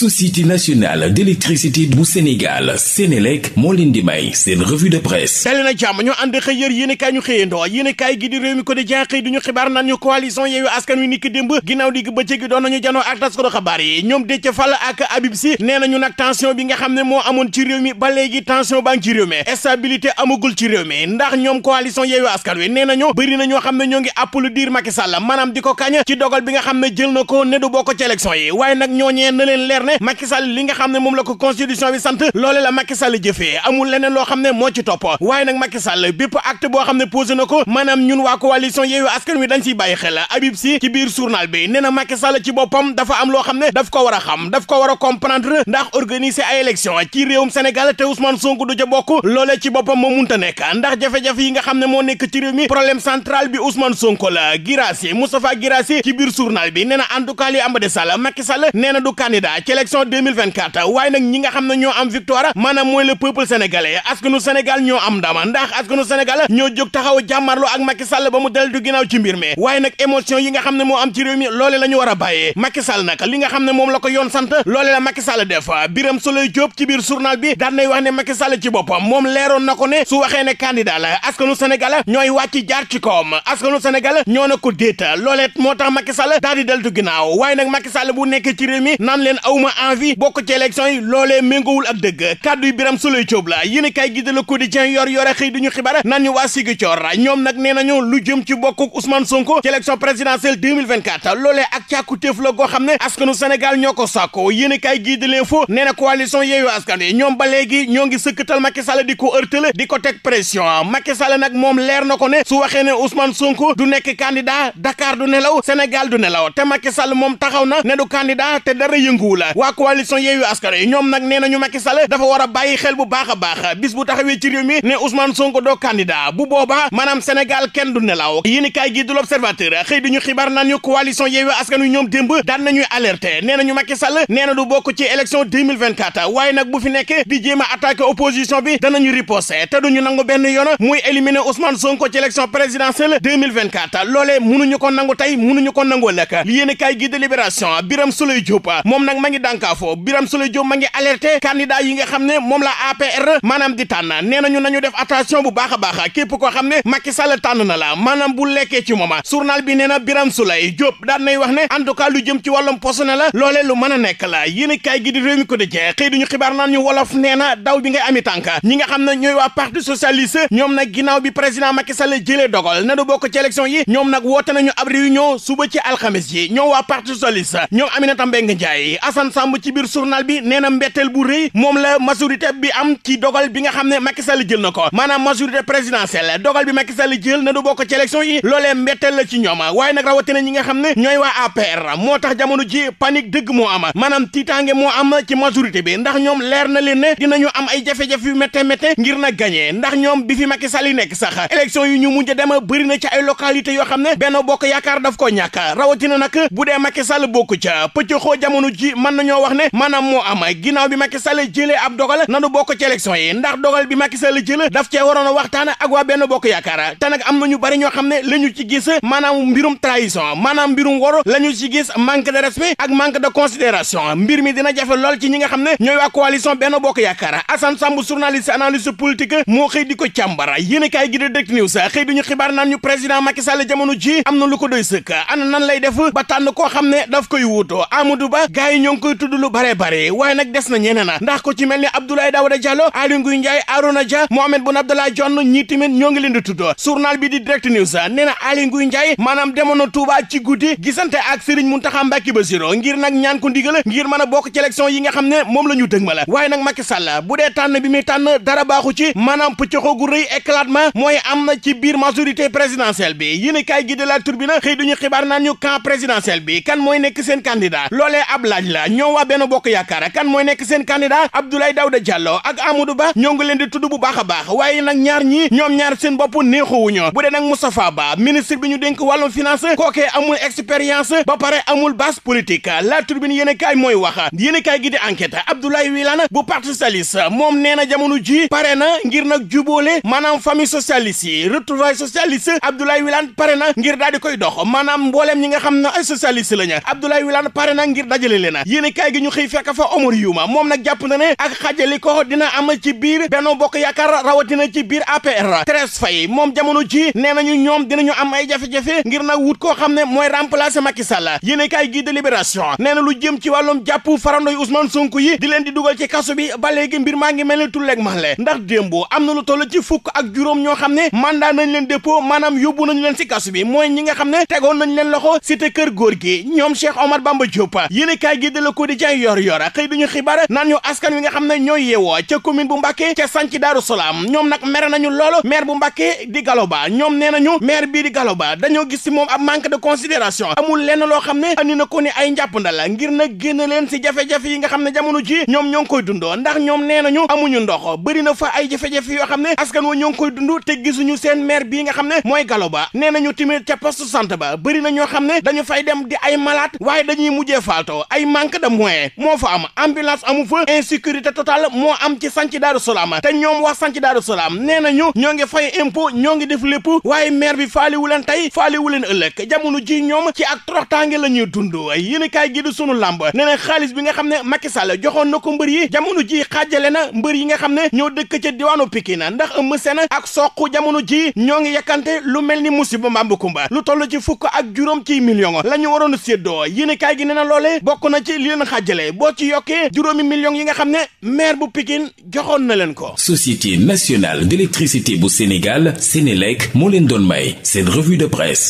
société nationale d'électricité bu Sénégal Sénélec moo leen di may seen revue de presse dali na jàmm ñu ànd xëy yër yéen i ñu xëyandoo yéen i gi di réew mi ko di jenxëy du ñu xibaar naan ñu coalition Askan Wi niki démb ginnaaw digg bëccëg gi doon nañu janoo ak tas ko xabaar yi ñoom Déthié Fall ak Habib Sy nee nañu nag tension bi nga xam ne moo amoon ci réew mi ba léegi tension baa ngi ci réew mi stabilité amagul ci réew mi ndax ne Macky Sall li nga xam ne moom la ko constitution bi sant loole la Macky Sall jëfee amul leneen loo xam ne moo ci topp waaye nag Macky Sall bépp boo xam ne posé na ko maanaam ñun waa coalition Yewwi Askan Wi dañ siy bàyyi xel Habib Sy ci biir journal bi nee na Macky Sall ci boppam dafa am loo xam ne daf ko war a xam daf ko war a ndax organiser ay élection ci réewum Sénégal te Ousmane Sonko du ca bokk ci boppam moo munta nekk ndax jafe-jafe yi nga xam ne moo nekk ci réew mi problème bi Ousmane Sonko élection 2024 waaye nag ñi nga xam ne ñoo am victoire maanaam mooy le peuple sénégalais askanu Sénégal ñoo am ndama ndax askanu Sénégal ñoo jóg taxaw jàmmarloo ak Macky Sall ba mu deltu ginnaaw ci mbir waaye nag émotion yi nga xam ne moo am ci réew a bàyyee Macky Sall moom la ko yoon sant loole la Macky def Birame Souleye Diop ci biir bi daan nay wax ne Macky ci boppam moom leeroon na ko ne su waxee ne candidat la askanu Sénégal ñooy wàcc jaar ci kawam askanu Sénégal ñoo na ko déeta loolee moo en bokk ci élection yi loolee méngowul ak dëgg kàddu yi Birame Souleye Diop la yéen kay gi de Le Quotidien yor yore xëy duñu xibaar naan ñu waa Ziguinchor ñoom nag nee nañu lu jëm ci bokkuk Ousmane Sonko ci élection présidentielle 2024 loolee ak càkkutéef la goo xam ne askanu Sénégal ñoo ko sako sàkko yéen kay gi de L'Info nee na coalition Yewwi Askan Wi ñoom ba léegi ñoo ngi sëkkatal Macky Sall di ko ërtale di ko teg pression Macky Sall nag moom leer na ko ne su waxee ne Ousmane Sonko du nekk candidat Dakar du nelaw Sénégal du nelaw te Macky Sall moom taxaw na ne du candidat te dara yënguwu waa coalition Yewwi Askan Wi ñoom nag nee nañu Macky Sall dafa war a bàyyi xel bu baax a baax bis bu taxawee ci réew mi ne Ousmane Sonko doo candidat bu boobaa maanaam Sénégal kenn du nelaw yéen i kaay gi du l'Observateur xëy di ñu xibaar na ñu coalition Yewwi Askan Wi ñoom démb daan nañuy alerter nee nañu Macky Sall nee na du bokk ci élection 2024 waaye nag bu fi nekk di jéem a attaquer opposition bi danañu riposter te duñu nangu benn yoon muy éliminer Ousmane Sonko ci élection présidentielle 2024 loolee mënuñu ko nangu tey mënuñu ko nangu lekk yéen i kaay gi de Libération Birame Souleye Diop moom nag ma ngi dànkaafoo Birame Souleye Diop ma ngi alerté candidat yi nga xam ne moom la APR maanaam di tànn nee nañu nañu def attention bu baax a baax képp xam ne Macky Sall na la maanaam bu lekkee ci mooma journal bi nee na Birame Souleye Diop daan wax ne en lu jëm ci wàllum posone la loolee la yéen kaay gi di réew mi ko dëjee xëy xibaar naan ñu wolof nee daw bi ngay ami tànk ñi nga xam ne waa parti socialiste ñoom na du Assane Samb ci biir journal bi nee na mbetteel bu rëy moom la majorité bi am ci dogal bi nga xam ne Macky Sall jël na ko maanaam majorité présidentielle dogal bi Macky Sall jël na du bokk ci élection yi loolee mbetteel la ci ñoom waaye nag rawatina ñi nga xam ne ñooy waa APR moo tax jamono ji panique dëgg moo am maanaam tiitaange moo am ci majorité bi ndax ñoom leer na leen ne dinañu am ay jafe-jafe yu métte métte ngir na gañee ndax ñoom bi fi Macky Sall yi nekk sax élection yu ñu mujj dem bëri na ci ay localité yoo xam ne benn bokk yaakaar daf ko ñàkk rawatina nag bu dee Macky Sall bokku ca jamono ji mën nañoo wax ne maanaam moo am ginnaaw bi Macky Sall jëlee ab dogal nanu bokk ci yi ndax dogal bi Macky Sall daf cee waroon a waxtaan ak waa benn bokk yaakaar te am na ñu bari ñoo ne la ñu ci maanaam mbirum trahison maanaam mbirum wor la ñu ci gis de respect ak manque de considération mbir mi dina jafe lool ci ñi nga xam ne ñooy waa coalition benn bokk yaakaar Assane Samb journaliste analyste politique moo xëy di ko càmbara yéen kaay gi di na lu ko doy sëkk ana nan xam ne daf koy wuutoo Amadou Ba gars yi koy tudd lu bare bare waaye nag des na ñeneen ndax ko ci mel ni Abdoulaye Daouda Diallo Aly Ngouille Ndiaye Arouna Mohamed Boun Abdallah Dionne ñii tamit ñoo ngi leen di tudd journal bi di direct news nee na ci guddi gisante ak Serigne Mountakha Mbacké Bassirou ngir nag ñaan ko ndigal ngir a bokk ci yi nga ne moom la ñu dëgmal waaye nag Macky Sall bu dee tànn bi muy dara baaxu ci maanaam pëccëxoo gu rëy éclatement mooy am na ci biir majorité ñoom waa benn bokk yaakaar kan mooy nekk seen candidat Abdoulaye Daouda Diallo ak Amadou Ba ñoo ngi leen di tudd bu baax a baax waaye na ñaar ñii ñoom ñaar seen bopp neexuwuñu bu dee nag Moustapha Ba ministre bi ñu dénk wàllum finance kookee amul expérience ba pare amul base politique la turbine yéen a kaay mooy wax yéen a kaay gi di enquête Abdoulaye Wilane bu parti socialiste moom nee na jamono ji pare na ngir nag jubóole maanaam famille socialiste yi retrouvailles socialiste Abdoulaye Wilane pare na ngir daal di koy dox maanaam mbooleem ñi nga xam ne ay socialiste lañu Abdoulaye Wilane na yéenekaay gi ñu xëy fekk fa Omar Youma moom nag jàpp na ne ak xajali ko dina am ci biir Benno Bokk Yaakaar rawatina ci biir APR Thérèse fay moom jamono ji nee nañu ñoom dinañu am ay jafe-jafe ngir nag wut koo xam ne mooy remplacer Macky Sall yéenekaay gi de Libération nee na lu jëm ci wàllum jàpp farandoy Ousmane Sonko yi di leen di dugal ci kaso bi ba léegi mbir maa ngi mel ni tulleeg maxle ndax démb am na lu toll ci fukk ak juróom ñoo xam ne mandat nañ leen dépôt maanaam yóbbu nañ leen ci kaso bi mooy ñi nga xam ne tegoon nañ leen loxo cité kër góor gi ñoom Cheikh Omar Bamba Diop yéenekaay quotidien yor yor xëy dañu xibaar naan ñu askan wi nga xam ne ñooy yeewoo ca commune bu Mbàkke ca sànc Daaru Salaam ñoom na mere nañu loolu maire bu Mbàkke di galo Ba ñoom nee nañu maire bii di Gallo Ba dañoo gis ci moom ab manque de considération amul lenn loo xam ne andi na ko ni ay njàppandala ngir na génn leen ci jafe-jafe yi nga xam ne jamono ji ñoom ñoo ngi koy dundoo ndax ñoom nee nañu amuñu ndox bëri na fa ay jafe-jafe yoo xam ne askan wa ñoo ngi koy dund te gisuñu seen maire bii nga xam ne mooy Gallo Ba nee nañu timit ca poste santé ba na ñoo xam ne dañu fay dem di ay malade waaye dañuy mujjee faaltoo ay manque de moyen moo fa am ambulance amu fa insécurité totale moo am ci sanc Daaru Salaam te ñoom wax sanc Daaru Salaam nee nañu ñoo ngi fay impôt ñoo ngi def lépp waaye maire bi faali wu leen tey faali wu leen ëllëg jamono ji ñoom ci ak toroxtaange la ñuy dund yéen kaay gi di sunu làmb xaalis bi nga xam ne Macky Sall joxoon na ko mbër yi jamono xaajale na mbër nga xam ne ñoo dëkk ca diwaanu Pikine ndax Eumeu Sène ak Sokh jamono ji ñoo ngi yakkante lu mel ni musiba mbambu kumba lu toll ci fukk ak juróom ci million la ñu waroon séddoo yéen leen xaajale boo ci yokkee juróomi millions yi nga xam ne maire bu Pikine joxoon na leen ko. Société nationale d'électricité bu Sénégal Sénélec moo leen doon may seen revue de presse.